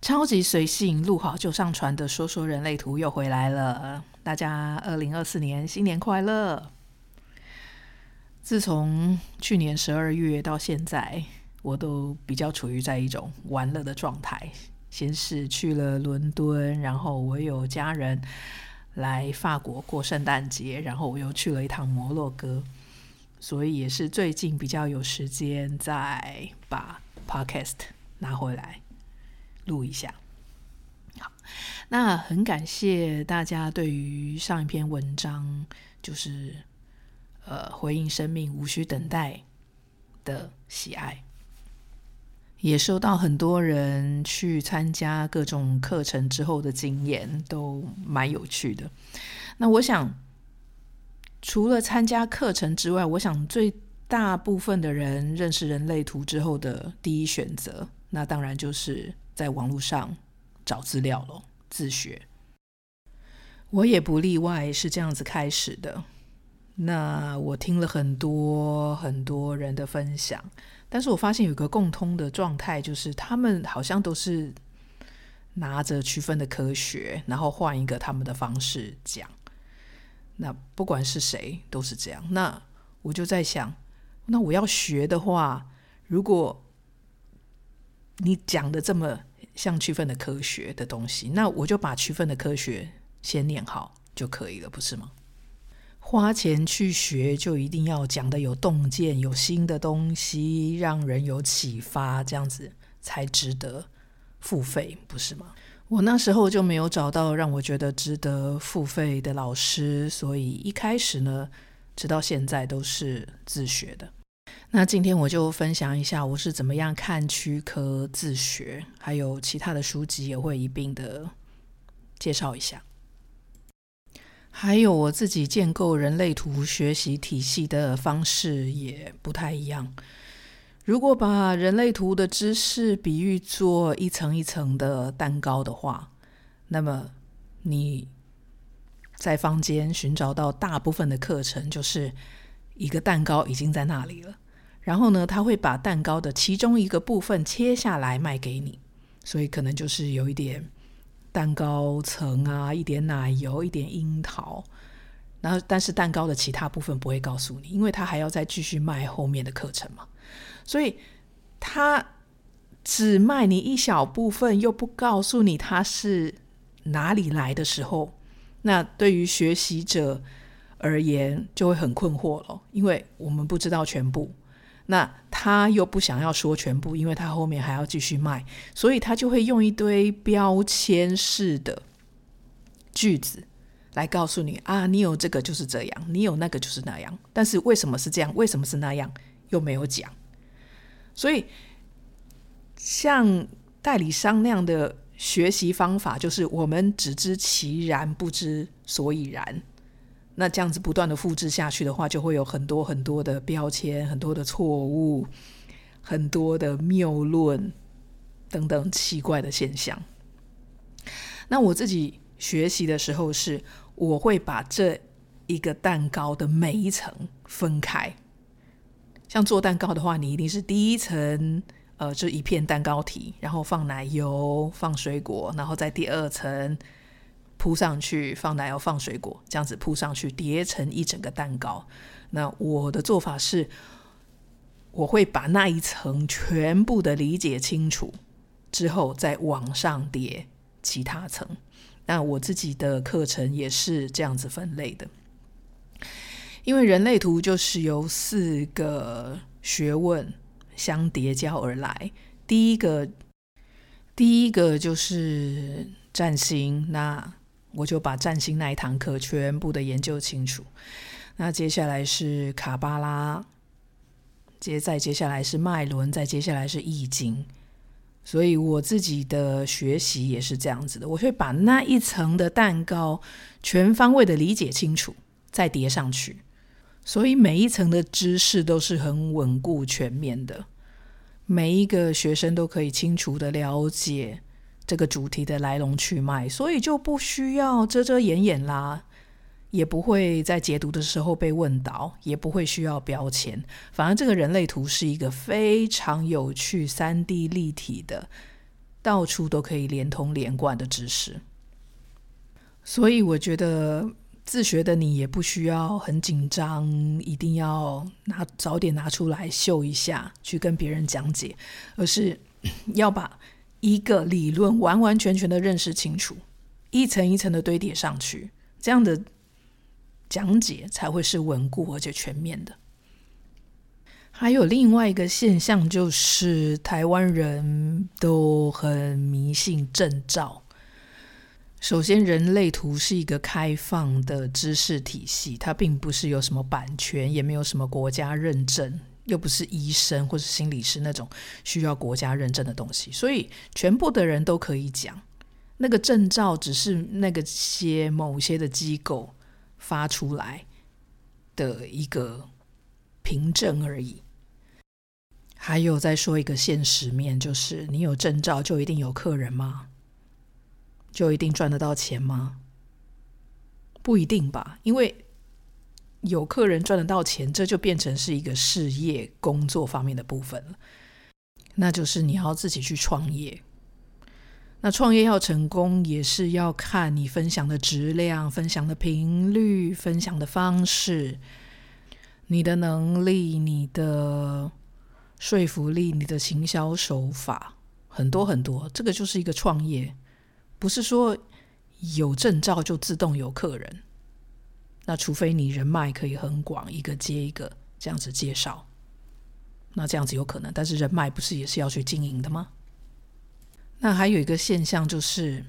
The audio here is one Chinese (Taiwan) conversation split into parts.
超級隨性，錄好就上傳的《說說人類圖》又回來了。大家，二零二四年新年快樂！自從去年十二月到現在，我都比較處於在一種玩樂的狀態。先是去了倫敦，然後我有家人來法國過聖誕節，然後我又去了一趟摩洛哥，所以也是最近比較有時間再把 Podcast 拿回來。錄一下。好，那很感謝大家對於上一篇文章，就是呃回應生命無需等待的喜愛，也收到很多人去參加各種課程之後的經驗，都蠻有趣的。那我想，除了參加課程之外，我想最大部分的人認識人類圖之後的第一選擇，那當然就是。在網絡上找資料嘍，自學。我也不例外，是這樣子開始的。那我聽了很多很多人的分享，但是我發現有一個共通的狀態，就是他們好像都是拿着區分的科學，然後換一個他們的方式講。那不管是誰，都是這樣。那我就在想，那我要學的話，如果你講的這麼……像區分的科學的東西，那我就把區分的科學先念好就可以了，不是嗎？花錢去學，就一定要講得有洞見、有新的東西，讓人有啟發，這樣子才值得付費，不是嗎？我那時候就沒有找到讓我覺得值得付費的老師，所以一開始呢，直到現在都是自學的。那今天我就分享一下我是怎麼樣看區科自學，還有其他的書籍也會一併的介紹一下。還有我自己建構人類圖學習體系的方式也不太一樣。如果把人類圖的知識比喻做一層一層的蛋糕的話，那麼你在坊間尋找到大部分的課程，就是一個蛋糕已經在那裡了。然後呢，他會把蛋糕的其中一個部分切下來賣給你，所以可能就是有一點蛋糕層啊，一點奶油，一點櫻桃。然後，但是蛋糕的其他部分不會告訴你，因為他還要再繼續賣後面的課程嘛。所以，他只賣你一小部分，又不告訴你他是哪裡來的時候，那對於學習者而言就會很困惑了，因為我們不知道全部。那他又不想要說全部，因為他後面還要繼續賣，所以他就會用一堆標籤式的句子來告訴你：啊，你有這個就是這樣，你有那個就是那樣。但是為什麼是這樣？為什麼是那樣？又沒有講。所以，像代理商那樣的學習方法，就是我們只知其然，不知所以然。那這樣子不斷的複製下去的話，就會有很多很多的標籤、很多的錯誤、很多的謬論等等奇怪的現象。那我自己學習的時候是，我會把這一個蛋糕的每一層分開。像做蛋糕的話，你一定是第一層，呃，就一片蛋糕體，然後放奶油、放水果，然後在第二層。鋪上去，放奶油、放水果，這樣子鋪上去疊成一整個蛋糕。那我的做法是，我會把那一層全部的理解清楚之後，再往上疊其他層。那我自己的課程也是這樣子分類的，因為人類圖就是由四個學問相疊加而來。第一個，第一個就是占星那。我就把占星那一堂課全部的研究清楚。那接下來是卡巴拉，接再接下來是脈輪，再接下來是易經。所以我自己的學習也是這樣子的，我會把那一層的蛋糕全方位的理解清楚，再疊上去。所以每一層的知識都是很穩固全面的，每一個學生都可以清楚的了解，這個主題的來龍去脈，所以就不需要遮遮掩掩啦，也不會在解讀的時候被問倒，也不會需要標籤。反而這個人類圖是一個非常有趣、3D 立體的，到處都可以連通、連貫的知識。所以我覺得自學的你也不需要很緊張，一定要拿早點拿出來秀一下，去跟別人講解，而是要把。一個理論完完全全的認識清楚，一層一層的堆疊上去，這樣的講解才會是穩固而且全面的。還有另外一個現象，就是台灣人都很迷信證照。首先，人類圖是一個開放的知識體系，它並不是有什麼版權，也沒有什麼國家認證。又不是醫生或是心理師那種需要國家認證的東西，所以全部的人都可以講。那個證照只是那個些某些的機構發出來的一個憑證而已。還有再說一個現實面，就是你有證照就一定有客人嗎？就一定賺得到錢嗎？不一定吧，因為。有客人賺得到錢，這就變成是一個事業、工作方面的部分了。那就是你要自己去創業。那創業要成功，也是要看你分享的質量、分享的頻率、分享的方式、你的能力、你的說服力、你的行銷手法，很多很多。嗯。這個就是一個創業，不是說有證照就自動有客人。那除非你人脈可以很廣，一個接一個這樣子介紹，那這樣子有可能。但是人脈不是也是要去經營的嗎？那還有一個現象就是，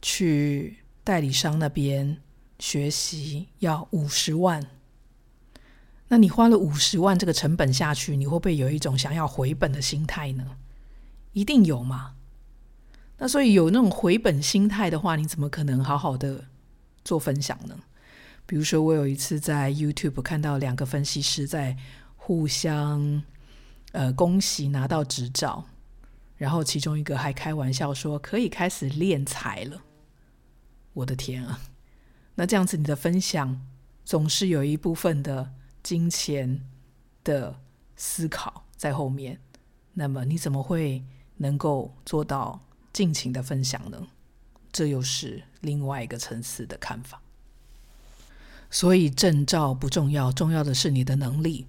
去代理商那邊學習要五十萬，那你花了五十萬這個成本下去，你會不會有一種想要回本的心態呢？一定有嘛。那所以有那種回本心態的話，你怎麼可能好好的做分享呢？比如說，我有一次在 YouTube 看到兩個分析師在互相呃恭喜拿到執照，然後其中一個還開玩笑說可以開始斂財了。我的天啊！那這樣子你的分享總是有一部分的金錢的思考在後面，那麼你怎麼會能夠做到盡情的分享呢？這又是另外一個層次的看法。所以證照不重要，重要的是你的能力。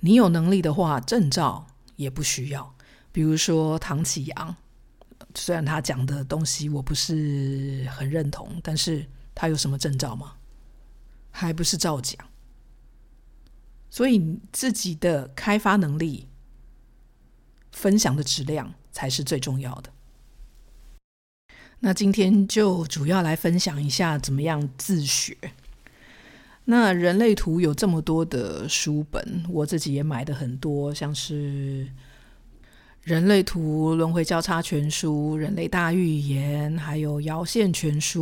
你有能力的話，證照也不需要。比如說唐啟陽，雖然他講的東西我不是很認同，但是他有什麼證照嗎？還不是照講。所以自己的開發能力、分享的質量才是最重要的。那今天就主要來分享一下怎麼樣自學。那人類圖有這麼多的書本，我自己也買的很多，像是《人類圖輪迴交叉全書》、《人類大預言》，還有《爻線全書》。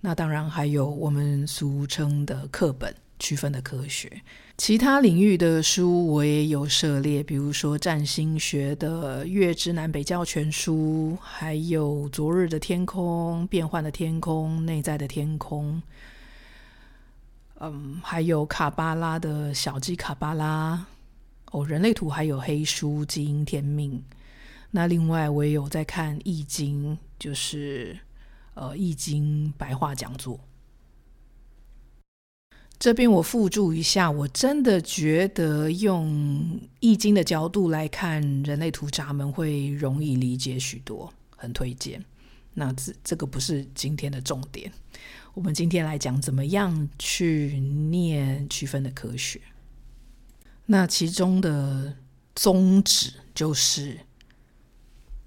那當然還有我們俗稱的課本，區分的科學，其他領域的書我也有涉獵，比如說占星學的《月之南北交全書》，還有《昨日的天空》、《變幻的天空》、《內在的天空》。嗯，還有卡巴拉的小雞卡巴拉哦，人類圖還有黑書基因天命。那另外我也有在看易經，就是呃易經白話講座。這邊我附注一下，我真的覺得用易經的角度來看人類圖閘門會容易理解許多，很推薦。那這這個不是今天的重點。我們今天來講怎麼樣去念區分的科學，那其中的宗旨就是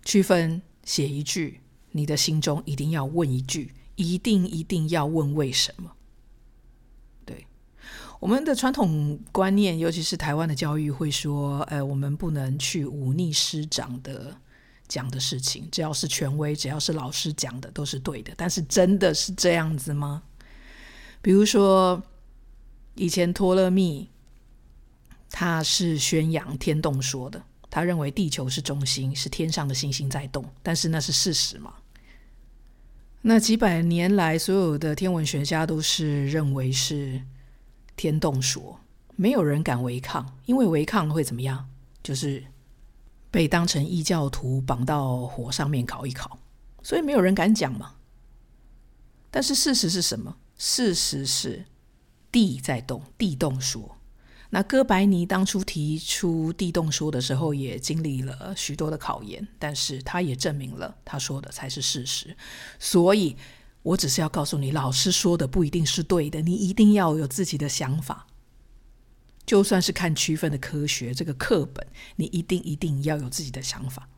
區分寫一句，你的心中一定要問一句，一定一定要問為什麼。對，我們的傳統觀念，尤其是台灣的教育會說，呃，我們不能去忤逆師長的。講的事情，只要是權威，只要是老師講的，都是對的。但是真的是這樣子嗎？比如說，以前托勒密他是宣揚天動說的，他認為地球是中心，是天上的星星在動。但是那是事實嗎？那幾百年來，所有的天文學家都是認為是天動說，沒有人敢違抗，因為違抗會怎麼樣？就是。被當成異教徒綁到火上面烤一烤，所以沒有人敢講嘛。但是事實是什麼？事實是地在動，地動說。那哥白尼當初提出地動說的時候，也經歷了許多的考驗，但是他也證明了他說的才是事實。所以我只是要告訴你，老師說的不一定是對的，你一定要有自己的想法。就算是看區分的科學這個課本，你一定一定要有自己的想法。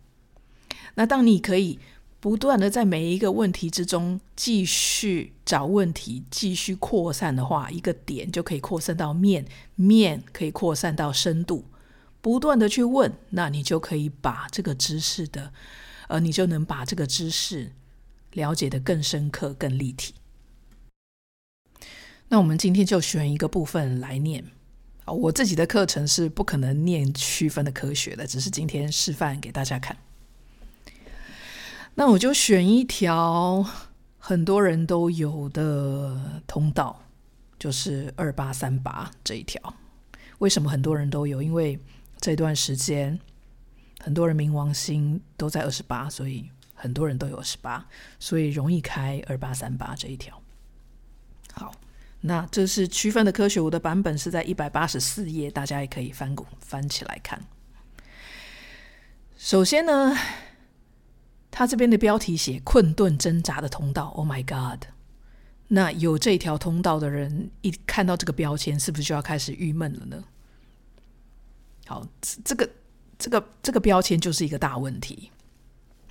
那當你可以不斷的在每一個問題之中繼續找問題，繼續擴散的話，一個點就可以擴散到面，面可以擴散到深度，不斷的去問，那你就可以把這個知識的，呃，你就能把這個知識了解得更深刻、更立體。那我們今天就選一個部分來念。我自己的課程是不可能念區分的科學的，只是今天示範給大家看。那我就選一條很多人都有的通道，就是二八三八這一條。為什麼很多人都有？因為這段時間很多人冥王星都在二十八，所以很多人都有二十八，所以容易開二八三八這一條。好。那這是區分的科學，我的版本是在一百八十四頁，大家也可以翻翻起來看。首先呢，他這邊的標題寫“困頓掙扎的通道 ”，Oh my God！那有這條通道的人，一看到這個標籤，是不是就要開始鬱悶了呢？好，這個、這個、這個標籤就是一個大問題。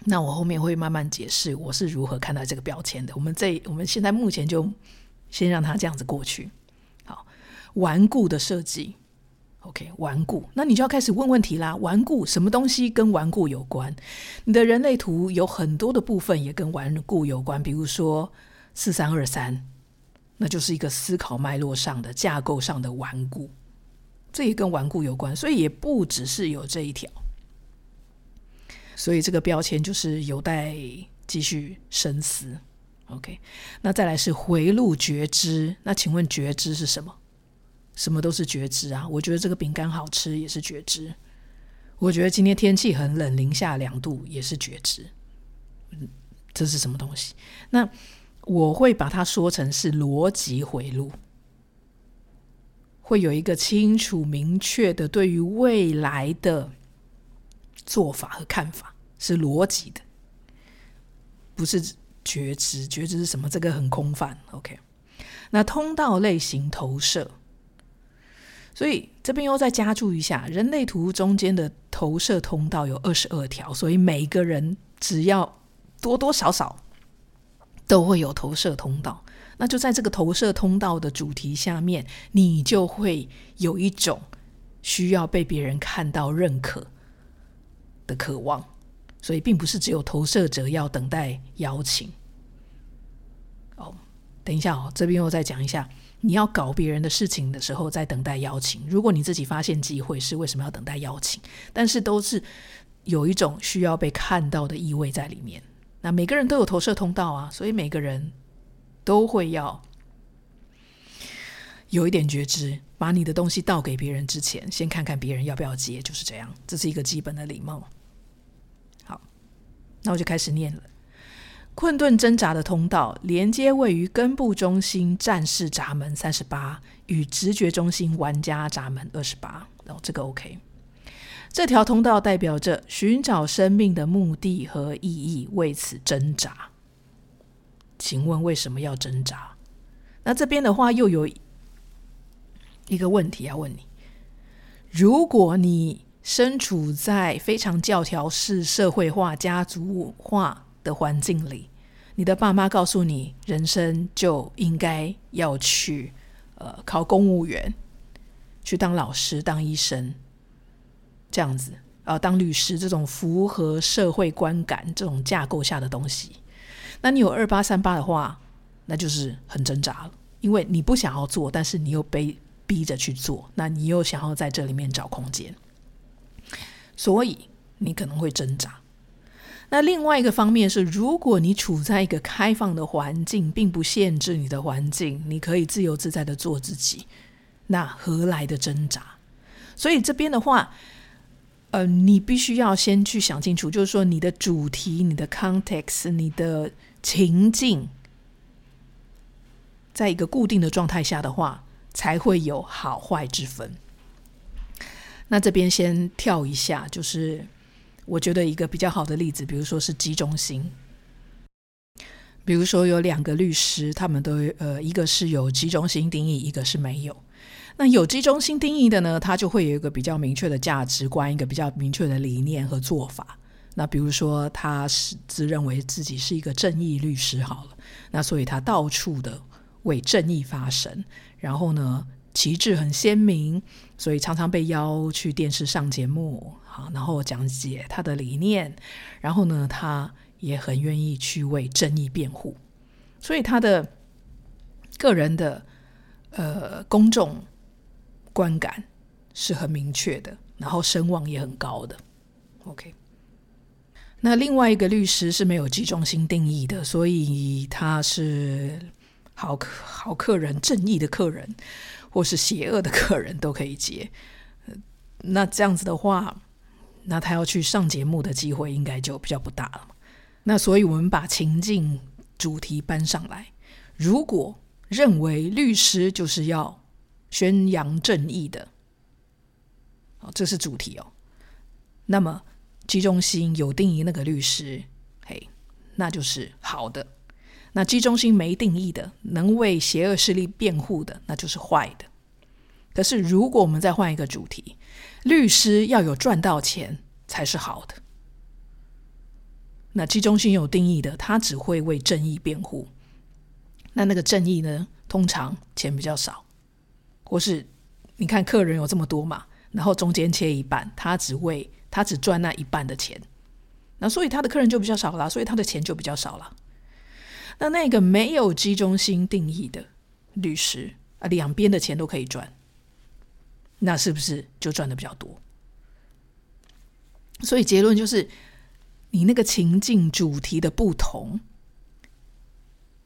那我後面會慢慢解釋我是如何看待這個標籤的。我們這我們現在目前就。先讓他這樣子過去，好，頑固的設計，OK，頑固，那你就要開始問問題啦。頑固，什麼東西跟頑固有關？你的人類圖有很多的部分也跟頑固有關，比如說四三二三，那就是一個思考脈絡上的架構上的頑固，這也跟頑固有關，所以也不只是有這一條。所以這個標籤就是有待繼續深思。OK，那再來是回路覺知。那請問覺知是什麼？什麼都是覺知啊！我覺得這個餅乾好吃也是覺知，我覺得今天天氣很冷，零下兩度也是覺知。嗯，這是什麼東西？那我會把它說成是邏輯迴路，會有一個清楚明確的對於未來的做法和看法是邏輯的，不是。覺知，覺知是什麼？這個很空泛。OK，那通道類型投射，所以這邊又再加注一下，人類圖中間的投射通道有二十二條，所以每一個人只要多多少少都會有投射通道。那就在這個投射通道的主題下面，你就會有一種需要被別人看到、認可的渴望。所以，並不是只有投射者要等待邀請。哦，等一下哦，這邊我再講一下，你要搞別人的事情的時候，再等待邀請。如果你自己發現機會，是為什麼要等待邀請？但是都是有一種需要被看到的意味在裡面。那每個人都有投射通道啊，所以每個人都會要有一點覺知，把你的東西倒給別人之前，先看看別人要不要接，就是這樣。這是一個基本的禮貌。那我就開始念了。困頓掙扎的通道連接位於根部中心戰士閘門三十八與直覺中心玩家閘門二十八。然後這個 OK。這條通道代表着尋找生命的目的和意義，為此掙扎。請問為什麼要掙扎？那這邊的話又有一個問題要問你：如果你身處在非常教條式社會化家族化的環境裡，你的爸媽告訴你，人生就應該要去呃考公務員，去當老師、當醫生，這樣子啊、呃、當律師，這種符合社會觀感、這種架構下的東西。那你有二八三八的話，那就是很掙扎了，因為你不想要做，但是你又被逼着去做，那你又想要在這裡面找空間。所以你可能會掙扎。那另外一個方面是，如果你處在一個開放的環境，並不限制你的環境，你可以自由自在的做自己，那何來的掙扎？所以這邊的話，呃，你必須要先去想清楚，就是說你的主題、你的 context、你的情境，在一個固定的狀態下的話，才會有好壞之分。那這邊先跳一下，就是我覺得一個比較好的例子，比如說是集中心。比如說有兩個律師，他們都有呃，一個是有集中心定義，一個是沒有。那有集中心定義的呢，他就會有一個比較明確的價值觀，一個比較明確的理念和做法。那比如說他是自認為自己是一個正義律師，好了，那所以他到處的為正義發聲，然後呢，旗幟很鮮明。所以常常被邀去電視上節目，好，然後講解他的理念。然後呢，他也很願意去為正義辯護。所以他的個人的呃公眾觀感是很明確的，然後聲望也很高的。OK，那另外一個律師是沒有集中心定義的，所以他是好客好客人，正義的客人。或是邪惡的客人都可以接，那這樣子的話，那他要去上節目的機會應該就比較不大了嘛。那所以，我們把情境主題搬上來。如果認為律師就是要宣揚正義的，這是主題哦。那麼，集中心有定義那個律師，嘿，那就是好的。那 G 中心沒定義的，能為邪惡勢力辯護的，那就是壞的。可是如果我們再換一個主題，律師要有賺到錢才是好的。那 G 中心有定義的，他只會為正義辯護。那那個正義呢？通常錢比較少，或是你看客人有這麼多嘛，然後中間切一半，他只為他只賺那一半的錢，那所以他的客人就比較少了，所以他的錢就比較少了。那那個沒有 G 中心定義的律師啊，兩邊的錢都可以賺，那是不是就賺的比較多？所以結論就是，你那個情境主題的不同，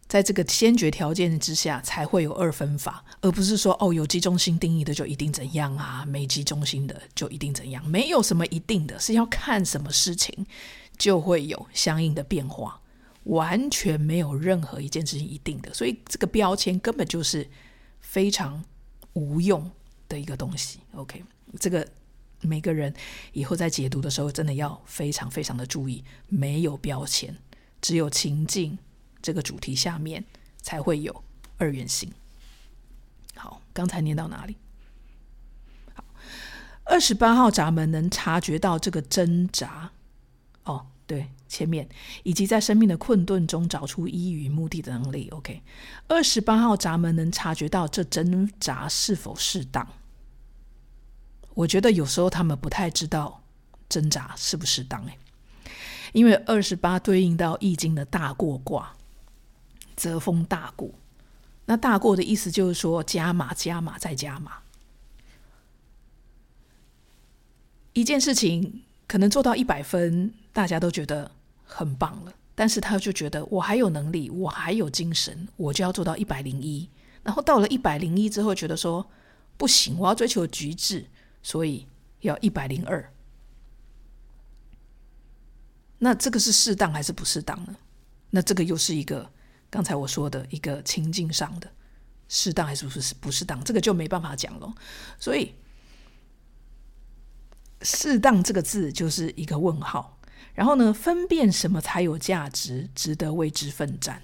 在這個先決條件之下，才會有二分法，而不是說哦，有 G 中心定義的就一定怎樣啊，沒 G 中心的就一定怎樣，沒有什麼一定的，是要看什麼事情就會有相應的變化。完全沒有任何一件事情一定的，所以這個標籤根本就是非常無用的一個東西。OK，這個每個人以後在解讀的時候，真的要非常非常的注意。沒有標籤，只有情境，這個主題下面才會有二元性。好，剛才念到哪裡？好，二十八號閘門能察覺到這個掙扎。哦，對。前面，以及在生命的困頓中找出意義與目的的能力。OK，二十八號閘門能察覺到這掙扎是否適當？我覺得有時候他們不太知道掙扎適不適當。因為二十八對應到《易經》的大過卦，澤風大過。那大過的意思就是說加碼、加碼再加碼。一件事情可能做到一百分，大家都覺得。很棒了，但是他就覺得我還有能力，我還有精神，我就要做到一百零一。然後到了一百零一之後，覺得說不行，我要追求極致，所以要一百零二。那這個是適當還是不適當呢？那這個又是一個剛才我說的一個情境上的適當還是不是不適當？這個就沒辦法講了。所以“適當”這個字就是一個問號。然後呢，分辨什麼才有價值，值得為之奮戰。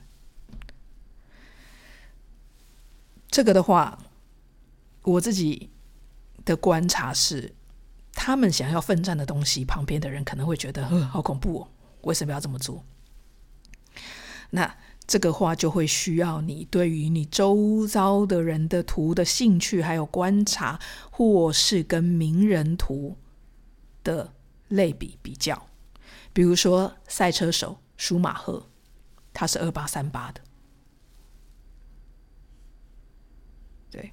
這個的話，我自己的觀察是，他們想要奮戰的東西，旁邊的人可能會覺得“好恐怖哦”，為什麼要這麼做？那這個話就會需要你對於你周遭的人的圖的興趣，還有觀察，或是跟名人圖的類比比較。比如說賽車手舒馬赫，他是二八三八的，對，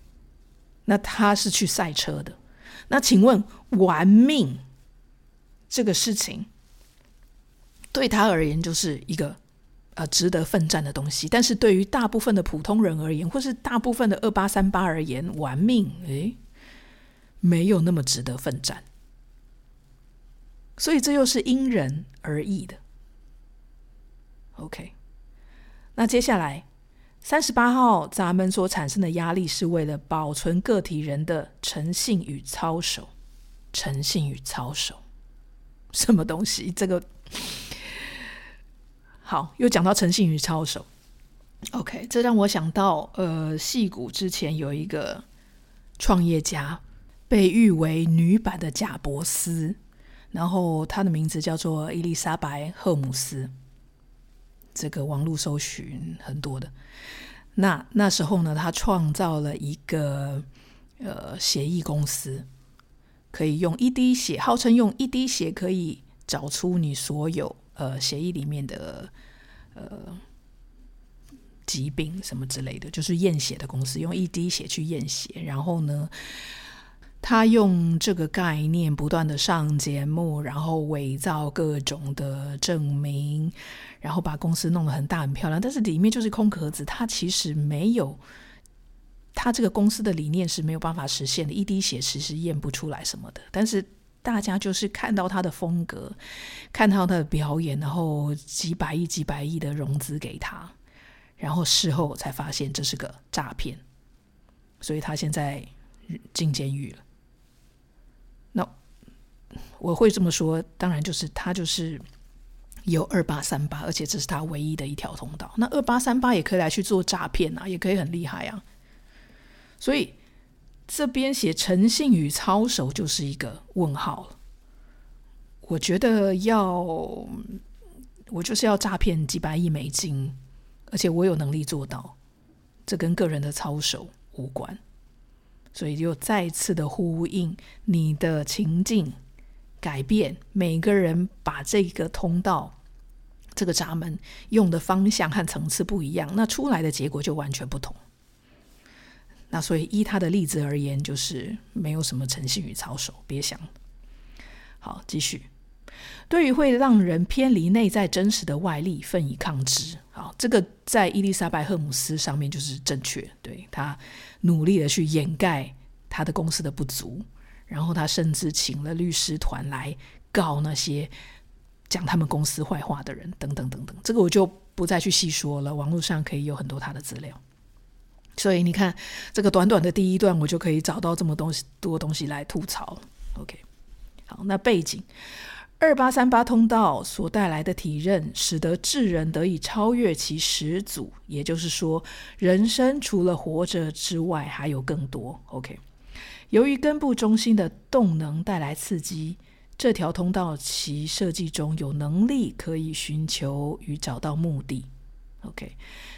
那他是去賽車的。那請問玩命這個事情，對他而言就是一個呃值得奮戰的東西，但是對於大部分的普通人而言，或是大部分的二八三八而言，玩命，誒，沒有那麼值得奮戰。所以這又是因人。而異的，OK。那接下來三十八號，咱們所產生的壓力是為了保存個體人的誠信與操守。誠信與操守，什麼東西？這個好，又講到誠信與操守。OK，這讓我想到，呃，矽谷之前有一個創業家，被譽為女版的賈伯斯。然後，他的名字叫做伊麗莎白·赫姆斯。這個網路搜尋很多的。那那時候呢，他創造了一個呃，血液公司，可以用一滴血，號稱用一滴血可以找出你所有呃，血液裡面的呃疾病什麼之類的，就是驗血的公司，用一滴血去驗血。然後呢？他用這個概念不斷的上節目，然後偽造各種的證明，然後把公司弄得很大很漂亮，但是裡面就是空殼子。他其實沒有，他這個公司的理念是沒有辦法實現的，一滴血其實，實驗不出來什麼的。但是大家就是看到他的風格，看到他的表演，然後幾百億、幾百億的融資給他，然後事後才發現這是個詐騙，所以他現在進監獄了。我會這麼說，當然就是他就是有二八三八，而且這是他唯一的一條通道。那二八三八也可以來去做詐騙啊，也可以很厲害啊。所以這邊寫誠信與操守就是一個問號。我覺得要，我就是要詐騙幾百億美金，而且我有能力做到，這跟個人的操守無關。所以就再次的呼應你的情境。改變每個人把這個通道，這個閘門用的方向和層次不一樣，那出來的結果就完全不同。那所以依他的例子而言，就是沒有什麼誠信與操守，別想。好，繼續。對於會讓人偏離內在真實的外力，奮以抗之。好，這個在伊麗莎白·赫姆斯上面就是正確，對他努力地去掩蓋他的公司的不足。然後他甚至請了律師團來告那些講他們公司壞話的人，等等等等，這個我就不再去細說了。網絡上可以有很多他的資料，所以你看這個短短的第一段，我就可以找到這麼東多東西來吐槽。OK，好，那背景，二八三八通道所帶來的體認，使得智人得以超越其始祖，也就是說，人生除了活着之外，還有更多。OK。由於根部中心的動能帶來刺激，這條通道其設計中有能力可以尋求與找到目的。OK，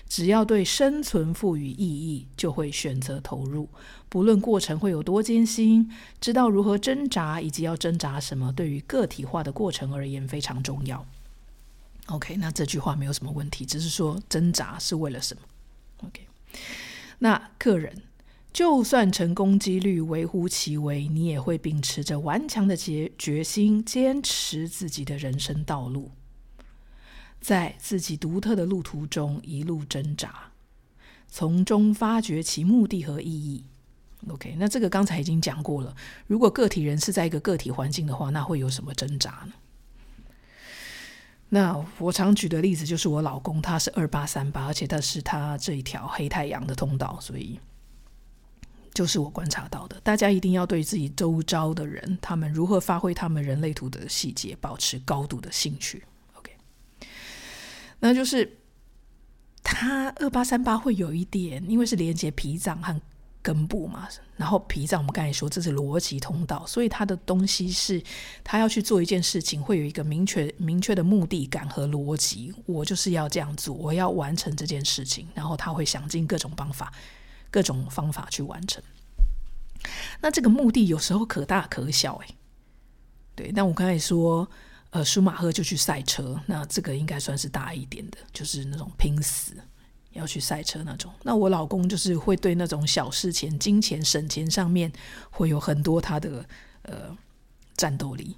只要對生存賦予意義，就會選擇投入。不論過程會有多艱辛，知道如何掙扎以及要掙扎什麼，對於個體化的過程而言非常重要。OK，那這句話沒有什麼問題，只是說掙扎是為了什麼？OK，那個人。就算成功幾率微乎其微，你也會秉持着頑強的決心，堅持自己的人生道路，在自己獨特的路途中一路掙扎，從中發掘其目的和意義。OK，那這個剛才已經講過了。如果個體人是在一個個體環境的話，那會有什麼掙扎呢？那我常舉的例子就是我老公，他是二八三八，而且他是他這一條黑太陽的通道，所以。就是我觀察到的，大家一定要對自己周遭的人，他們如何發揮他們人類圖的細節，保持高度的興趣。OK，那就是他二八三八會有一點，因為是連接脾臟和根部嘛，然後脾臟我們剛才說這是邏輯通道，所以他的東西是他要去做一件事情，會有一個明確明確的目的感和邏輯。我就是要這樣做，我要完成這件事情，然後他會想盡各種方法。各種方法去完成，那這個目的有時候可大可小，欸，對。那我剛才說，呃，舒馬赫就去賽車，那這個應該算是大一點的，就是那種拼死要去賽車那種。那我老公就是會對那種小事情、金錢、省錢上面會有很多他的呃戰鬥力，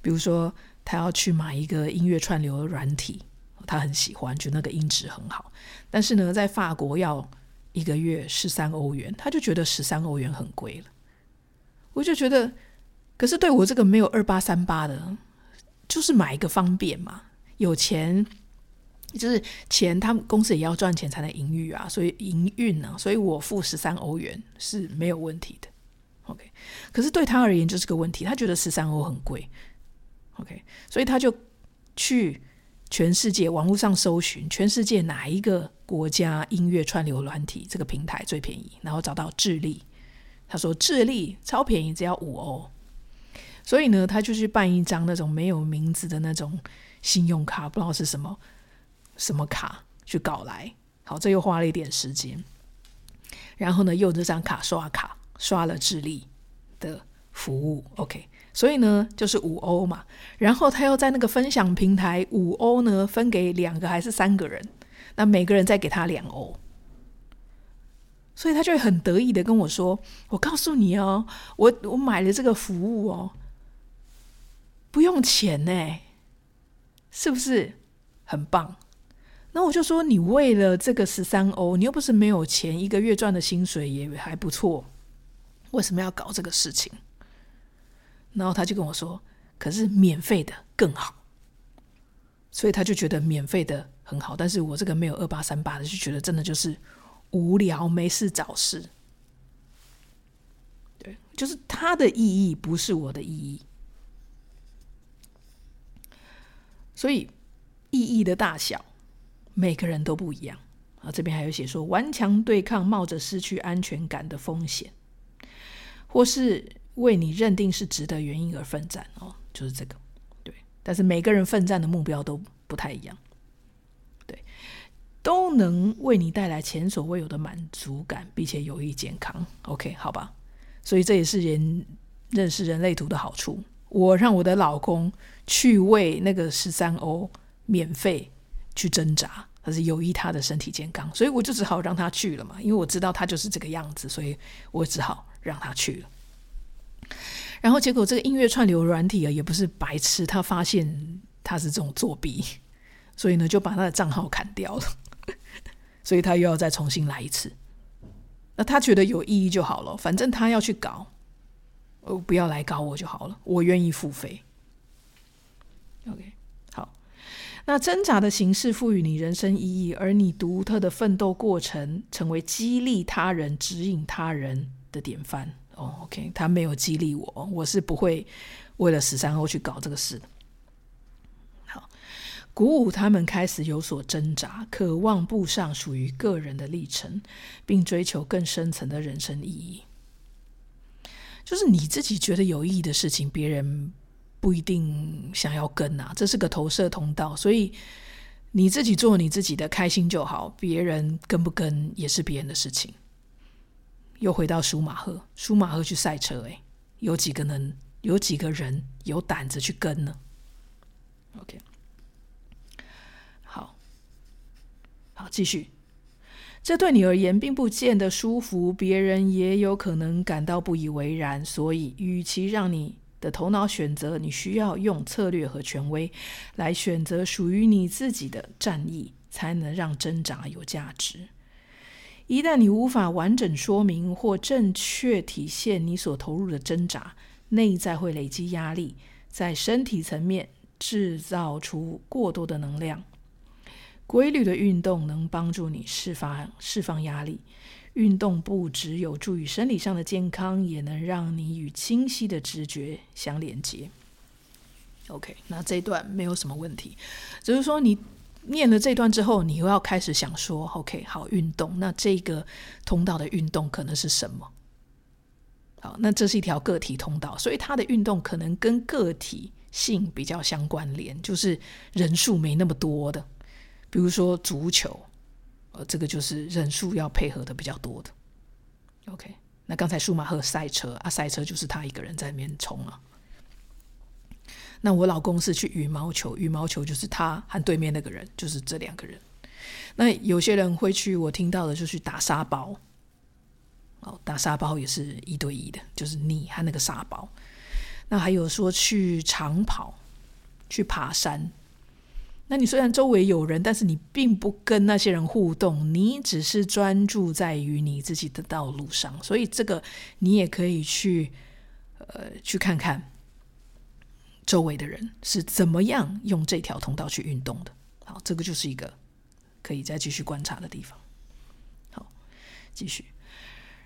比如說他要去買一個音樂串流軟體，他很喜歡，覺得那個音質很好，但是呢，在法國要一個月十三歐元，他就覺得十三歐元很貴了。我就覺得，可是對我這個沒有二八三八的，就是買一個方便嘛。有錢，就是錢，他們公司也要賺錢才能營運啊，所以營運呢，所以我付十三歐元是沒有問題的。OK，可是對他而言就是個問題，他覺得十三歐很貴。OK，所以他就去全世界網絡上搜尋，全世界哪一個？國家音樂串流軟體這個平台最便宜，然後找到智利，他說智利超便宜，只要五歐，所以呢，他就去辦一張那種沒有名字的那種信用卡，不知道是什麼什麼卡，去搞來。好，這又花了一點時間，然後呢，用這張卡刷卡，刷了智利的服務，OK，所以呢，就是五歐嘛，然後他又在那個分享平台五歐呢分給兩個還是三個人。那每個人再給他兩歐，所以他就很得意的跟我說：“我告訴你哦，我我買了這個服務哦，不用錢呢，是不是？很棒。”那我就說：“你為了這個十三歐，你又不是沒有錢，一個月賺的薪水也還不錯，為什麼要搞這個事情？”然後他就跟我說：“可是免費的更好。”所以他就覺得免費的。很好，但是我這個沒有二八三八的，就覺得真的就是無聊，沒事找事。對，就是它的意義不是我的意義，所以意義的大小每個人都不一樣啊。這邊還有寫說，頑強對抗，冒着失去安全感的風險，或是為你認定是值得原因而奮戰哦，就是這個對，但是每個人奮戰的目標都不太一樣。都能為你帶來前所未有的滿足感，並且有益健康。OK，好吧，所以這也是人認識人類圖的好處。我讓我的老公去為那個十三歐免費去掙扎，他是有益他的身體健康，所以我就只好讓他去了嘛。因為我知道他就是這個樣子，所以我只好讓他去了。然後結果這個音樂串流軟體啊，也不是白痴，他發現他是這種作弊，所以呢，就把他的賬號砍掉了。所以他又要再重新來一次，那他覺得有意義就好了，反正他要去搞，哦，不要來搞我就好了，我願意付費。OK，好，那掙扎的形式賦予你人生意義，而你獨特的奮鬥過程成為激勵他人、指引他人的典範。哦、oh,，OK，他沒有激勵我，我是不會為了十三歐去搞這個事的。鼓舞他們開始有所掙扎，渴望步上屬於個人的歷程，並追求更深層的人生意義。就是你自己覺得有意義的事情，別人不一定想要跟啊。這是個投射通道，所以你自己做你自己的，開心就好。別人跟不跟也是別人的事情。又回到舒馬赫，舒馬赫去賽車、欸，誒，有幾個人？有幾個人有膽子去跟呢？OK。好，繼續。這對你而言並不見得舒服，別人也有可能感到不以為然。所以，與其讓你的頭腦選擇，你需要用策略和權威來選擇屬於你自己的戰役，才能讓掙扎有價值。一旦你無法完整說明或正確體現你所投入的掙扎，內在會累積壓力，在身體層面製造出過多的能量。規律的運動能幫助你釋放釋放壓力。運動不只有助於生理上的健康，也能讓你與清晰的直覺相連接。OK，那這一段沒有什麼問題，只、就是說你念了這段之後，你又要開始想說 OK，好，運動。那這個通道的運動可能是什麼？好，那這是一條個體通道，所以它的運動可能跟個體性比較相關聯，就是人數沒那麼多的。比如說足球，呃，這個就是人數要配合的比較多的。OK，那剛才舒馬赫賽車啊，賽車就是他一個人在那邊衝啊。那我老公是去羽毛球，羽毛球就是他和對面那個人，就是這兩個人。那有些人會去，我聽到的就是去打沙包，哦，打沙包也是一對一的，就是你和那個沙包。那還有說去長跑，去爬山。那你雖然周圍有人，但是你並不跟那些人互動，你只是專注在於你自己的道路上。所以這個你也可以去，呃，去看看周圍的人是怎麼樣用這條通道去運動的。好，這個就是一個可以再繼續觀察的地方。好，繼續。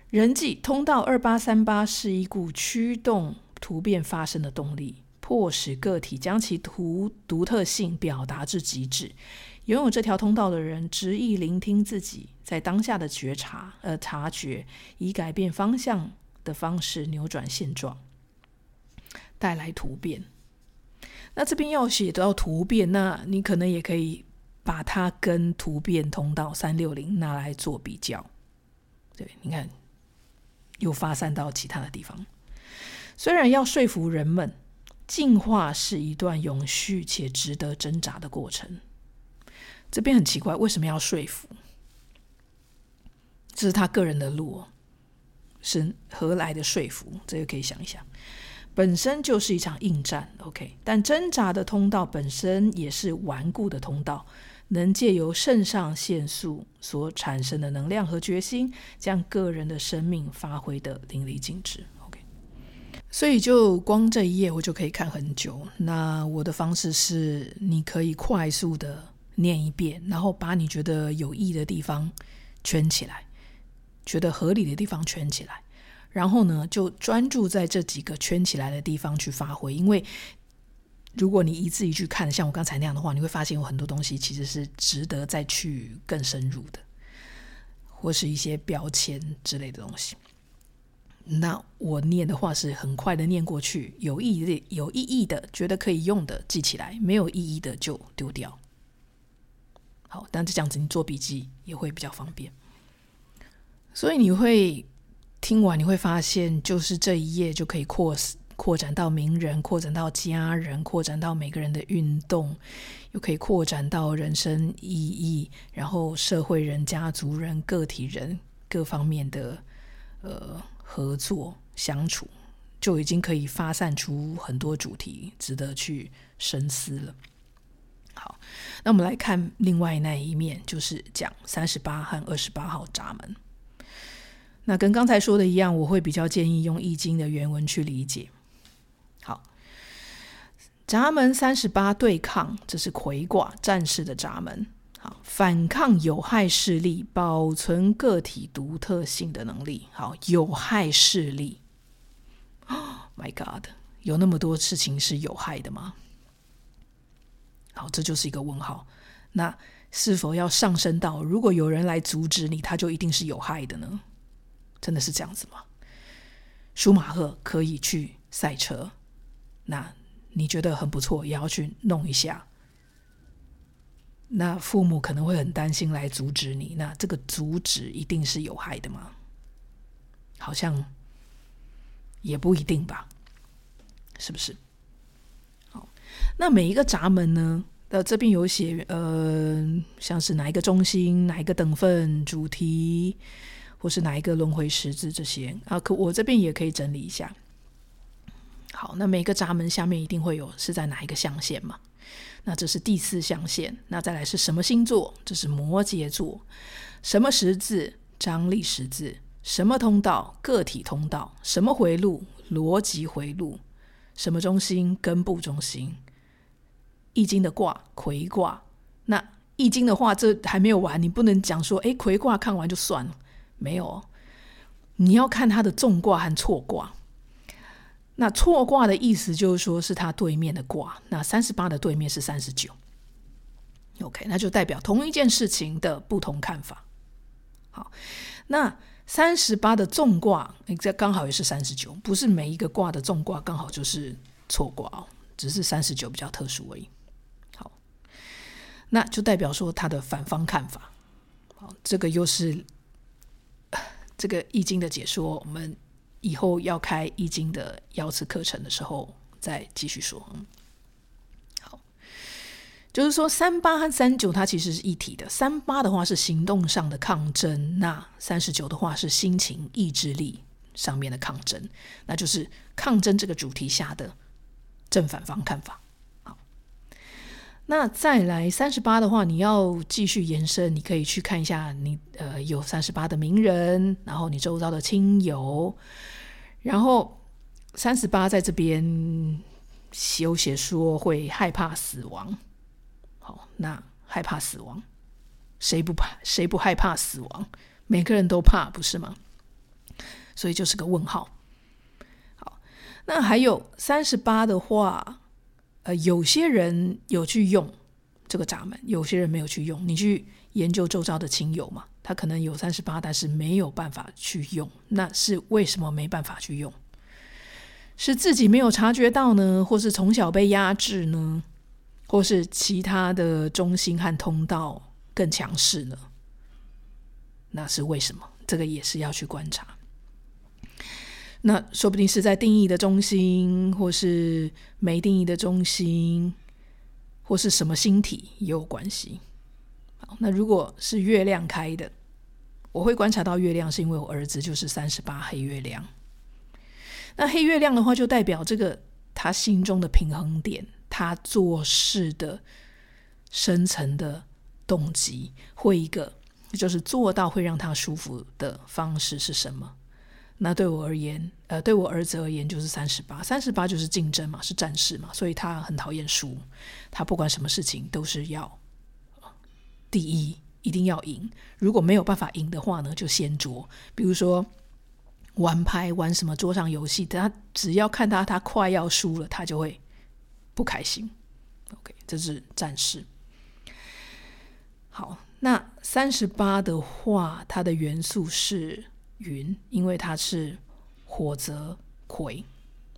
人際通道二八三八是一股驅動突變發生的動力，迫使個體將其獨獨特性表達至極致。擁有這條通道的人，執意聆聽自己在當下的覺察而、呃、察覺，以改變方向的方式扭轉現狀，帶來突變。那這邊要寫到突變，那你可能也可以把它跟突變通道三六零拿來做比較。對，你看，又發散到其他的地方。雖然要說服人們。進化是一段永續且值得掙扎的過程。這邊很奇怪，為什麼要說服？這是他個人的路哦。是何來的說服？這個可以想一想，本身就是一場硬戰。OK，但掙扎的通道本身也是頑固的通道，能借由腎上腺素所產生的能量和決心，將個人的生命發揮得淋漓盡致。所以，就光這一頁我就可以看很久。那我的方式是，你可以快速的念一遍，然後把你覺得有意義的地方圈起來，覺得合理的地方圈起來，然後呢，就專注在這幾個圈起來的地方去發揮。因為如果你一字一句看，像我剛才那樣的話，你會發現有很多東西其實是值得再去更深入的，或是一些標籤之類的東西。那我念的話是很快的，念過去有意義、有意義的，覺得可以用的記起來，沒有意義的就丟掉。好，但這樣子你做筆記也會比較方便。所以你會聽完，你會發現，就是這一頁就可以擴擴展到名人，擴展到家人，擴展到每個人的運動，又可以擴展到人生意義，然後社會人、家族人、個體人各方面的呃。合作相處就已經可以發散出很多主題，值得去深思了。好，那我們來看另外那一面，就是講三十八和二十八號閘門。那跟剛才說的一樣，我會比較建議用《易經》的原文去理解。好，閘門三十八對抗，這是睽卦戰士的閘門。好，反抗有害勢力、保存個體獨特性的能力。好，有害勢力。Oh my god，有那麼多事情是有害的嗎？好，這就是一個問號。那是否要上升到，如果有人來阻止你，他就一定是有害的呢？真的是這樣子嗎？舒馬赫可以去賽車，那你覺得很不錯，也要去弄一下。那父母可能會很擔心來阻止你，那這個阻止一定是有害的嗎？好像也不一定吧，是不是？好，那每一個閘門呢？呃，這邊有寫，呃，像是哪一個中心、哪一個等份主題，或是哪一個輪迴十字這些啊？可我這邊也可以整理一下。好，那每一個閘門下面一定會有是在哪一個象限嗎？那這是第四象限。那再來是什麼星座？這是摩羯座。什麼十字？張力十字。什麼通道？個體通道。什麼回路？邏輯迴路。什麼中心？根部中心。易經的卦，睽卦。那易經的話，這還沒有完。你不能講說，誒，睽卦看完就算了。沒有，你要看它的綜卦和錯卦。那錯卦的意思就是說，是它對面的卦。那三十八的對面是三十九，OK，那就代表同一件事情的不同看法。好，那三十八的重卦，欸，這剛好也是三十九，不是每一個卦的重卦剛好就是錯卦哦，只是三十九比較特殊而已。好，那就代表說他的反方看法。好，這個又是這個易經的解說，我們。以後要開《易經》的爻辭課程的時候，再繼續說。嗯，好，就是說三八和三九，它其實是一體的。三八的話是行動上的抗爭，那三十九的話是心情意志力上面的抗爭，那就是抗爭這個主題下的正反方看法。那再來三十八的話，你要繼續延伸，你可以去看一下你呃有三十八的名人，然後你周遭的親友，然後三十八在這邊有寫說會害怕死亡。好，那害怕死亡，誰不怕？誰不害怕死亡？每個人都怕，不是嗎？所以就是個問號。好，那還有三十八的話。呃，有些人有去用這個閘門，有些人沒有去用。你去研究周遭的親友嘛，他可能有三十八，但是沒有辦法去用，那是為什麼沒辦法去用？是自己沒有察覺到呢，或是從小被壓制呢，或是其他的中心和通道更強勢呢？那是為什麼？這個也是要去觀察。那說不定是在定義的中心，或是沒定義的中心，或是什麼星體也有關係。好，那如果是月亮開的，我會觀察到月亮是因為我兒子就是三十八黑月亮。那黑月亮的話，就代表這個他心中的平衡點，他做事的深層的動機，會一個就是做到會讓他舒服的方式是什麼？那對我而言，呃，對我兒子而言就是三十八，三十八就是競爭嘛，是戰士嘛，所以他很討厭輸。他不管什麼事情都是要第一，一定要贏。如果沒有辦法贏的話呢，就先捉。比如說玩牌、玩什麼桌上遊戲，他只要看他他快要輸了，他就會不開心。OK，這是戰士。好，那三十八的話，它的元素是。雲，因為它是火澤睽，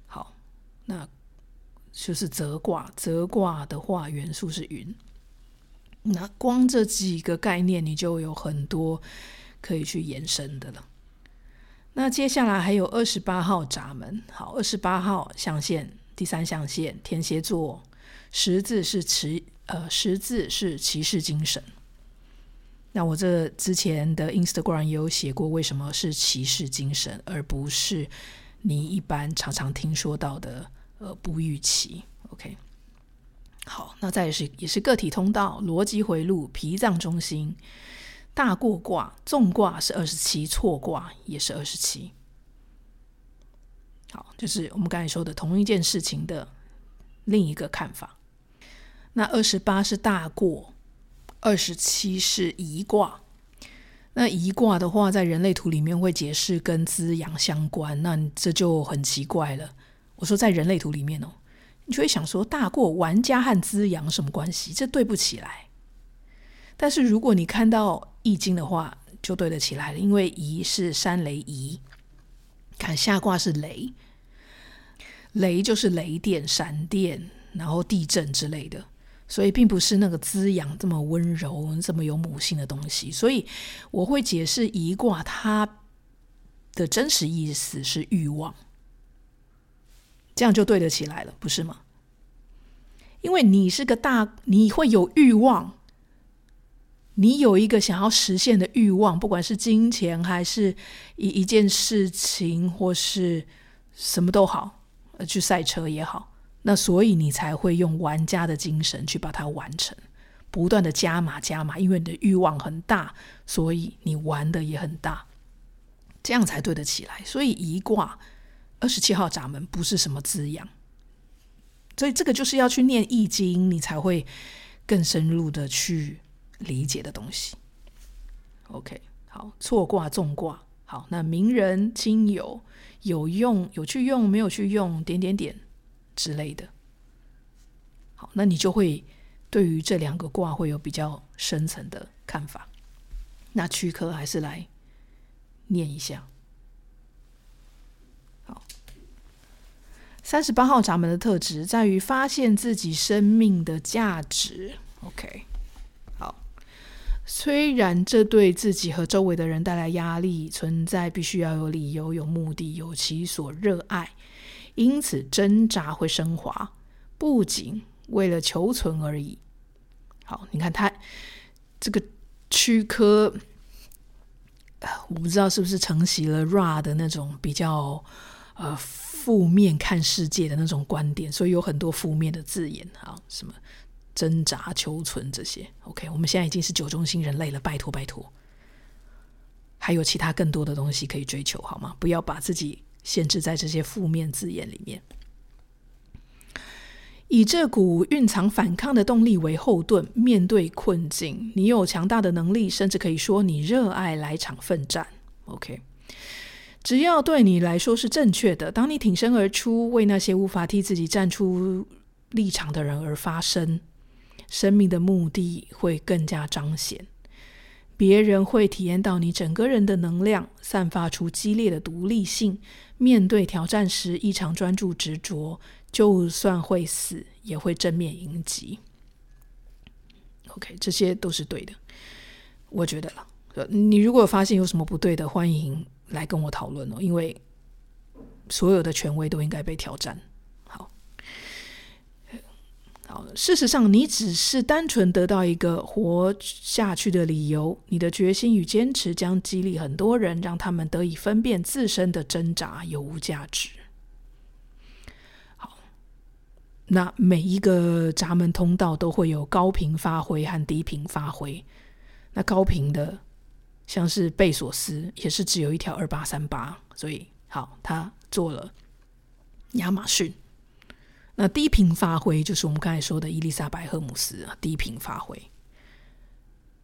好，那就是澤卦。澤卦的話，元素是雲。那光這幾個概念，你就有很多可以去延伸的了。那接下來還有二十八號閘門，好，二十八號象限，第三象限，天蠍座，十字是騎，呃，十字是騎士精神。那我這之前的 Instagram 也有寫過，為什麼是騎士精神，而不是你一般常常聽說到的呃不預期？OK，好，那再也是也是個體通道、邏輯回路、脾臟中心、大過卦、重卦是二十七，錯卦也是二十七。好，就是我們剛才說的同一件事情的另一個看法。那二十八是大過。二十七是頤卦，那頤卦的話，在人類圖裡面會解釋跟滋養相關，那這就很奇怪了。我說在人類圖裡面哦，你就會想說大過玩家和滋養什麼關係？這對不起來。但是如果你看到《易經》的話，就對得起來了，因為頤是山雷頤，看下卦是雷，雷就是雷電、閃電，然後地震之類的。所以並不是那個滋養這麼溫柔、這麼有母性的東西。所以我會解釋一卦，它的真實意思是慾望，這樣就對得起來了，不是嗎？因為你是個大，你會有欲望，你有一個想要實現的欲望，不管是金錢，還是一一件事情，或是什麼都好，呃，去賽車也好。那所以你才會用玩家的精神去把它完成，不斷的加碼加碼，因為你的欲望很大，所以你玩的也很大，這樣才對得起來。所以一卦二十七號閘門不是什麼滋養，所以這個就是要去念易經，你才會更深入的去理解的東西。OK，好，錯卦綜卦，好，那名人親友有用有去用，沒有去用，點點點。之類的，好，那你就會對於這兩個卦會有比較深層的看法。那區科還是來念一下，好。三十八號閘門的特質在於發現自己生命的價值。OK，好。雖然這對自己和周圍的人帶來壓力，存在必須要有理由、有目的、有其所熱愛。因此，掙扎會升華，不僅為了求存而已。好，你看他這個區科、呃，我不知道是不是承襲了 Ra 的那種比較呃負面看世界的那種觀點，哦、所以有很多負面的字眼啊，什麼掙扎、求存這些。OK，我們現在已經是九中心人類了，拜託拜託，還有其他更多的東西可以追求好嗎？不要把自己限制在這些負面字眼裡面。以這股蘊藏反抗的動力為後盾，面對困境，你有強大的能力，甚至可以說你熱愛來場奮戰。OK，只要對你來說是正確的，當你挺身而出，為那些無法替自己站出立場的人而發聲，生命的目的會更加彰顯。別人會體驗到你整個人的能量，散發出激烈的獨立性。面對挑戰時，異常專注執着，就算會死，也會正面迎擊。OK，這些都是對的，我覺得啦。你如果發現有什麼不對的，歡迎來跟我討論哦，因為所有的權威都應該被挑戰。事實上，你只是單純得到一個活下去的理由。你的決心與堅持將激勵很多人，讓他們得以分辨自身的掙扎有無價值。好，那每一個閘門通道都會有高頻發揮和低頻發揮。那高頻的，像是貝索斯，也是只有一條二八三八，所以好，他做了亞馬遜。那低頻發揮就是我們剛才說的伊麗莎白赫姆斯啊，低頻發揮。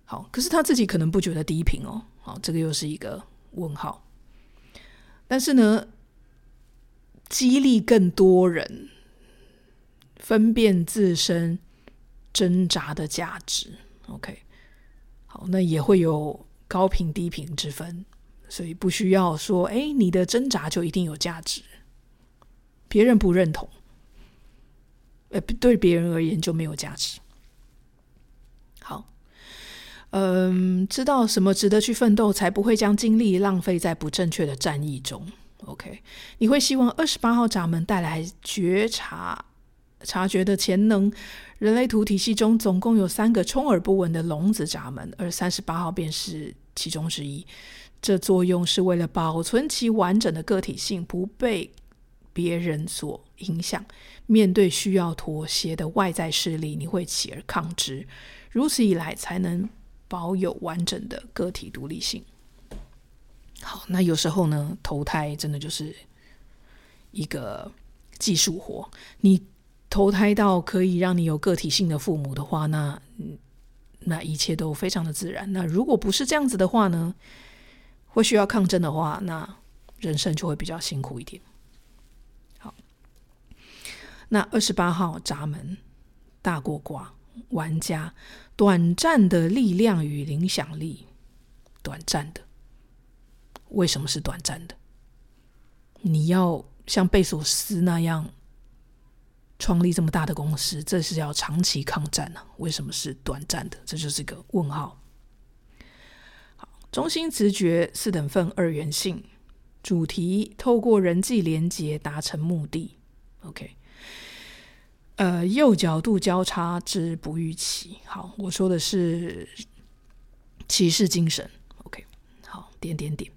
好，可是他自己可能不覺得低頻哦。好，這個又是一個問號。但是呢，激勵更多人分辨自身掙扎的價值。OK，好，那也會有高頻、低頻之分，所以不需要說，哎，你的掙扎就一定有價值，別人不認同。對，對別人而言就沒有價值。好，嗯，知道什麼值得去奮鬥，才不會將精力浪費在不正確的戰役中。OK，你會希望二十八號閘門帶來覺察、察覺的潛能。人類圖體系中總共有三個充耳不聞的聾子閘門，而三十八號便是其中之一。這作用是為了保存其完整的個體性，不被別人所。影響，面對需要妥協的外在勢力，你會起而抗之，如此以來才能保有完整的個體獨立性。好，那有時候呢，投胎真的就是一個技術活。你投胎到可以讓你有個體性的父母的話，那那一切都非常的自然。那如果不是這樣子的話呢，會需要抗爭的話，那人生就會比較辛苦一點。那二十八號閘門，大過卦玩家，短暫的力量與影響力，短暫的。為什麼是短暫的？你要像貝索斯那樣創立這麼大的公司，這是要長期抗戰呢、啊？為什麼是短暫的？這就是個問號。好，中心直覺四等分二元性主題，透過人際聯結達成目的。OK。呃，右角度交叉之不預期。好，我說的是騎士精神。OK，好，點點點。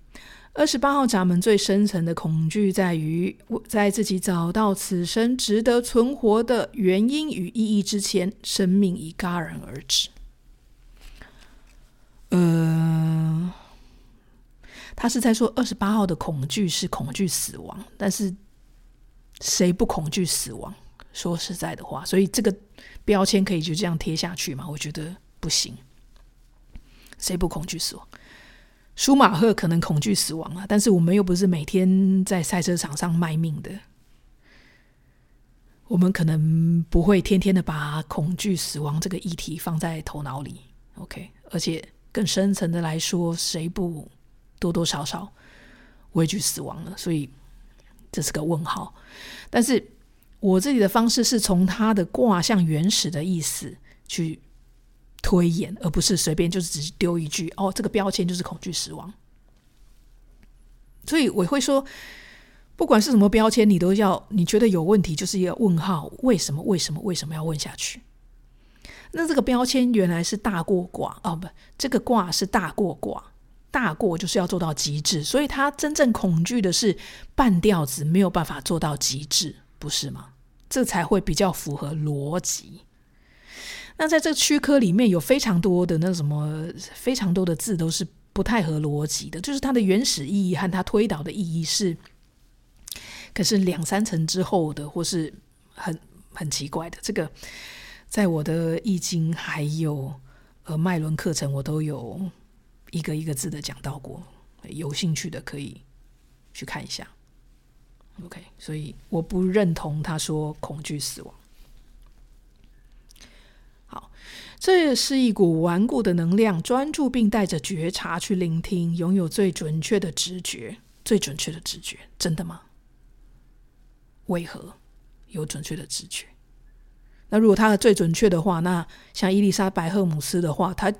二十八號閘門最深層的恐懼在於，我在自己找到此生值得存活的原因與意義之前，生命已戛然而止。呃，他是在說二十八號的恐懼是恐懼死亡，但是誰不恐懼死亡？說實在的話，所以這個標籤可以就這樣貼下去嗎？我覺得不行。誰不恐懼死亡？舒馬赫可能恐懼死亡了，但是我們又不是每天在賽車場上賣命的，我們可能不會天天的把恐懼死亡這個議題放在頭腦裡。OK，而且更深層的來說，誰不多多少少畏懼死亡了？所以這是個問號，但是。我自己的方式是從它的卦象，原始的意思去推演，而不是隨便就是只丟一句“哦，這個標籤就是恐懼死亡”。所以我會說，不管是什麼標籤，你都要你覺得有問題，就是一個問號。為什麼？為什麼？為什麼要問下去？那這個標籤原來是大過卦哦，不，這個卦是大過卦，大過就是要做到極致，所以他真正恐懼的是半吊子，沒有辦法做到極致，不是嗎？這才會比較符合邏輯。那在這個區科裡面有非常多的那什麼，非常多的字都是不太合邏輯的，就是它的原始意義和它推導的意義是，可是兩三層之後的，或是很很奇怪的。這個在我的《易經》還有呃脈輪課程，我都有一個一個字的講到過。有興趣的可以去看一下。OK，所以我不認同他說恐懼死亡。好，這是一股頑固的能量，專注並帶着覺察去聆聽，擁有最準確的直覺，最準確的直覺，真的嗎？為何有準確的直覺？那如果他最準確的話，那像伊麗莎白赫姆斯的話，他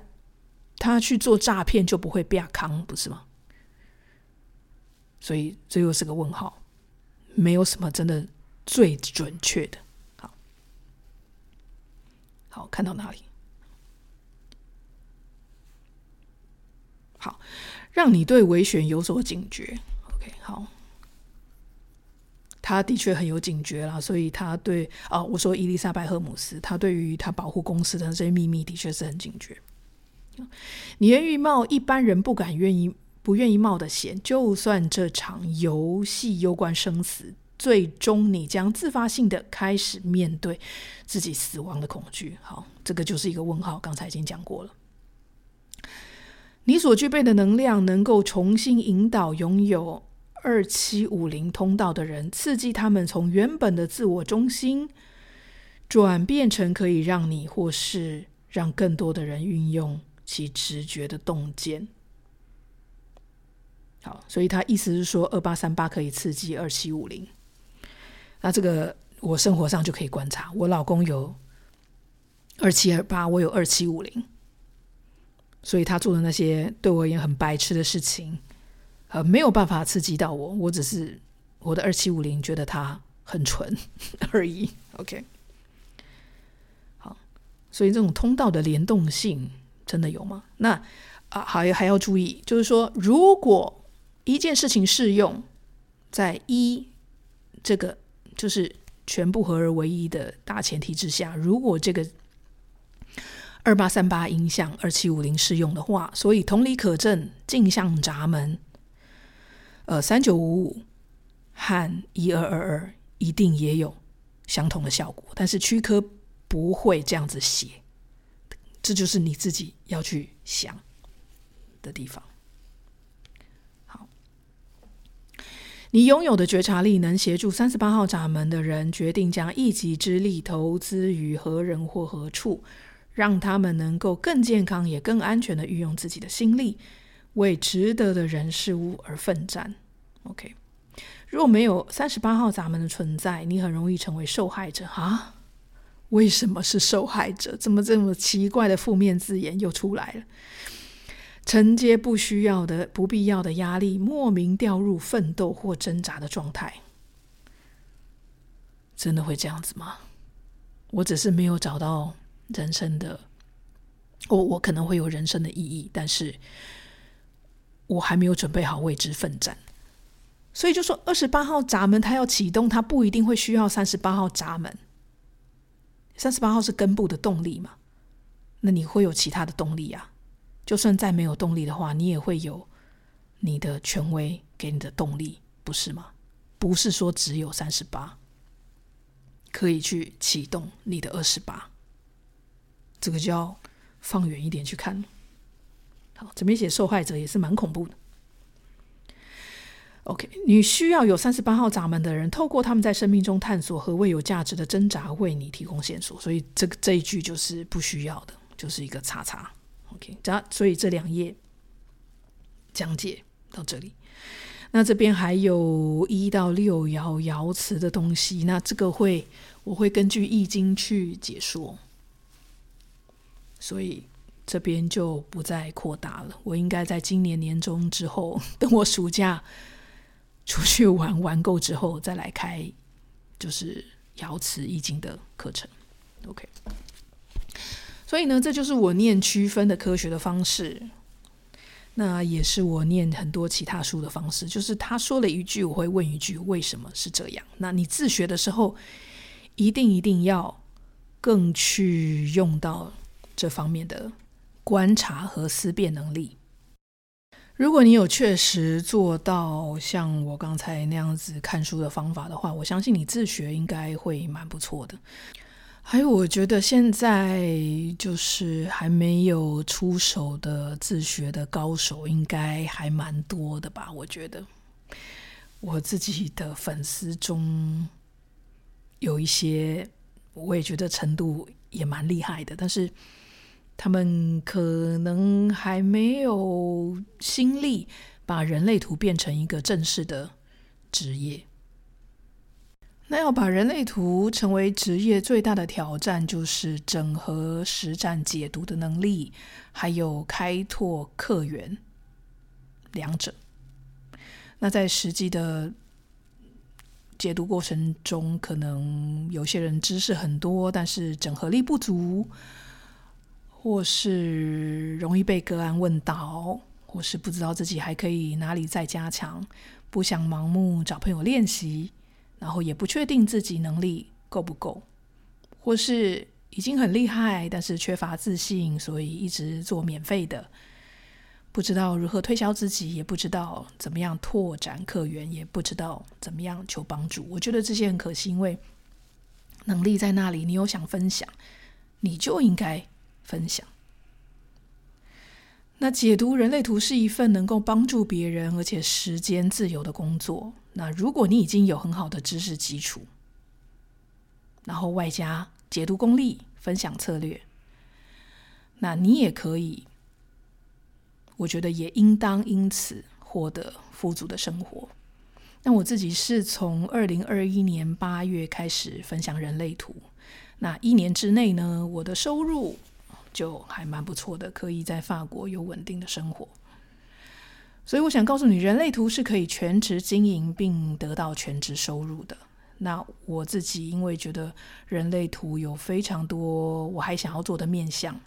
他去做詐騙就不會被坑，不是嗎？所以，這又是個問號。沒有什麼真的最準確的。好，好看到哪裡？好，讓你對危險有所警覺。OK，好，他的確很有警覺啦，所以他對啊、哦，我說伊麗莎白赫姆斯，他對於他保護公司的這些秘密，的確是很警覺。嗯、你願意冒一般人不敢願意，不願意冒的險，就算這場遊戲攸關生死，最終你將自發性的開始面對自己死亡的恐懼。好，這個就是一個問號，剛才已經講過了。你所具備的能量，能夠重新引導擁有二七五零通道的人，刺激他們從原本的自我中心，轉變成可以讓你或是讓更多的人運用其直覺的洞見。好，所以他意思是說，二八三八可以刺激二七五零。那這個我生活上就可以觀察，我老公有二七二八，我有二七五零，所以他做的那些對我而言很白痴的事情，呃，沒有辦法刺激到我。我只是我的二七五零覺得他很蠢而已。OK，好，所以這種通道的聯動性真的有嗎？那啊，還還要注意，就是說如果。一件事情適用在一這個就是全部合而為一的大前提之下，如果這個二八三八音像二七五零適用的話，所以同理可證鏡像閘門，呃，三九五五和一二二二一定也有相同的效果，但是區科不會這樣子寫，這就是你自己要去想的地方。你擁有的覺察力，能協助三十八號閘門的人決定將一己之力投資於何人或何處，讓他們能夠更健康、也更安全的運用自己的心力，為值得的人事物而奮戰。OK，如果沒有三十八號閘門的存在，你很容易成為受害者啊！為什麼是受害者？怎麼這麼奇怪的負面字眼又出來了？承接不需要的、不必要的壓力，莫名掉入奮鬥或掙扎的狀態，真的會這樣子嗎？我只是沒有找到人生的，我我可能會有人生的意義，但是我還沒有準備好為之奮戰。所以就說二十八號閘門，它要啟動，它不一定會需要三十八號閘門。三十八號是根部的動力嘛？那你會有其他的動力啊？就算再沒有動力的話，你也會有你的權威給你的動力，不是嗎？不是說只有三十八可以去啟動你的二十八，這個就要放遠一點去看。好，這邊寫受害者也是蠻恐怖的。OK，你需要有三十八號閘門的人，透過他們在生命中探索何謂有價值的掙扎，為你提供線索。所以這，這這一句就是不需要的，就是一個叉叉。OK，所以這兩頁講解到這裡。那這邊還有一到六爻爻辭的東西，那這個會我會根據《易經》去解說，所以這邊就不再擴大了。我應該在今年年中之後，等我暑假出去玩玩夠之後，再來開就是爻辭《易經》的課程。OK。所以呢，這就是我念區分的科學的方式，那也是我念很多其他書的方式。就是他說了一句，我會問一句，為什麼是這樣？那你自學的時候，一定一定要更去用到這方面的觀察和思辨能力。如果你有確實做到像我剛才那樣子看書的方法的話，我相信你自學應該會蠻不錯的。還有，我覺得現在就是還沒有出手的自學的高手，應該還蠻多的吧？我覺得我自己的粉絲中有一些，我也覺得程度也蠻厲害的，但是他們可能還沒有心力把人類圖變成一個正式的職業。那要把人類圖成為職業，最大的挑戰就是整合實戰解讀的能力，還有開拓客源兩者。那在實際的解讀過程中，可能有些人知識很多，但是整合力不足，或是容易被個案問倒，或是不知道自己還可以哪裡再加強，不想盲目找朋友練習。然後也不確定自己能力夠不夠，或是已經很厲害，但是缺乏自信，所以一直做免費的，不知道如何推銷自己，也不知道怎麼樣拓展客源，也不知道怎麼樣求幫助。我覺得這些很可惜，因為能力在那裡，你有想分享，你就應該分享。那解讀人類圖是一份能夠幫助別人，而且時間自由的工作。那如果你已經有很好的知識基礎，然後外加解讀功力、分享策略，那你也可以，我覺得也應當因此獲得富足的生活。那我自己是從二零二一年八月開始分享人類圖，那一年之內呢，我的收入就還蠻不錯的，可以在法國有穩定的生活。所以我想告訴你，人類圖是可以全職經營並得到全職收入的。那我自己因為覺得人類圖有非常多我還想要做的面向，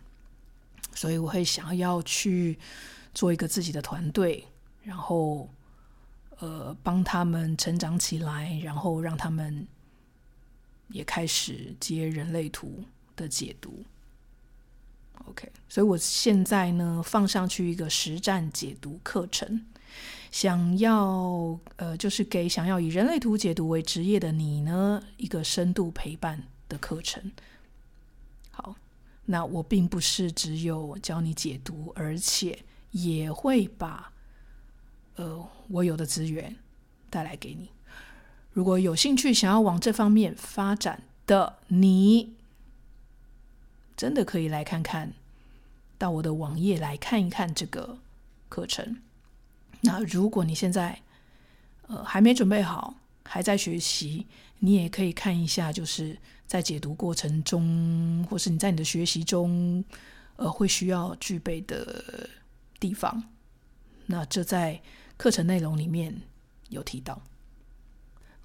所以我會想要去做一個自己的團隊，然後呃幫他們成長起來，然後讓他們也開始接人類圖的解讀。OK，所以我現在呢，放上去一個實戰解讀課程，想要呃就是給想要以人類圖解讀為職業的你呢一個深度陪伴的課程。好，那我並不是只有教你解讀，而且也會把呃我有的資源帶來給你。如果有興趣想要往這方面發展的你。真的可以來看看，到我的網頁來看一看這個課程。那如果你現在呃還沒準備好，還在學習，你也可以看一下，就是在解讀過程中，或是你在你的學習中，呃，會需要具備的地方。那這在課程內容裡面有提到。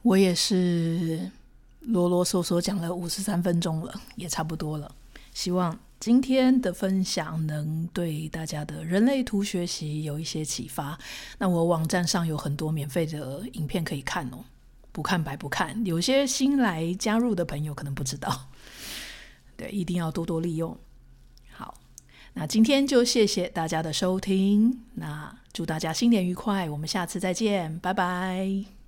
我也是囉囉嗦嗦講了五十三分鐘了，也差不多了。希望今天的分享能對大家的人類圖學習有一些啟發。那我網站上有很多免費的影片可以看哦，不看白不看。有些新來加入的朋友可能不知道，對，一定要多多利用。好，那今天就謝謝大家的收聽。那祝大家新年愉快，我們下次再見，拜拜。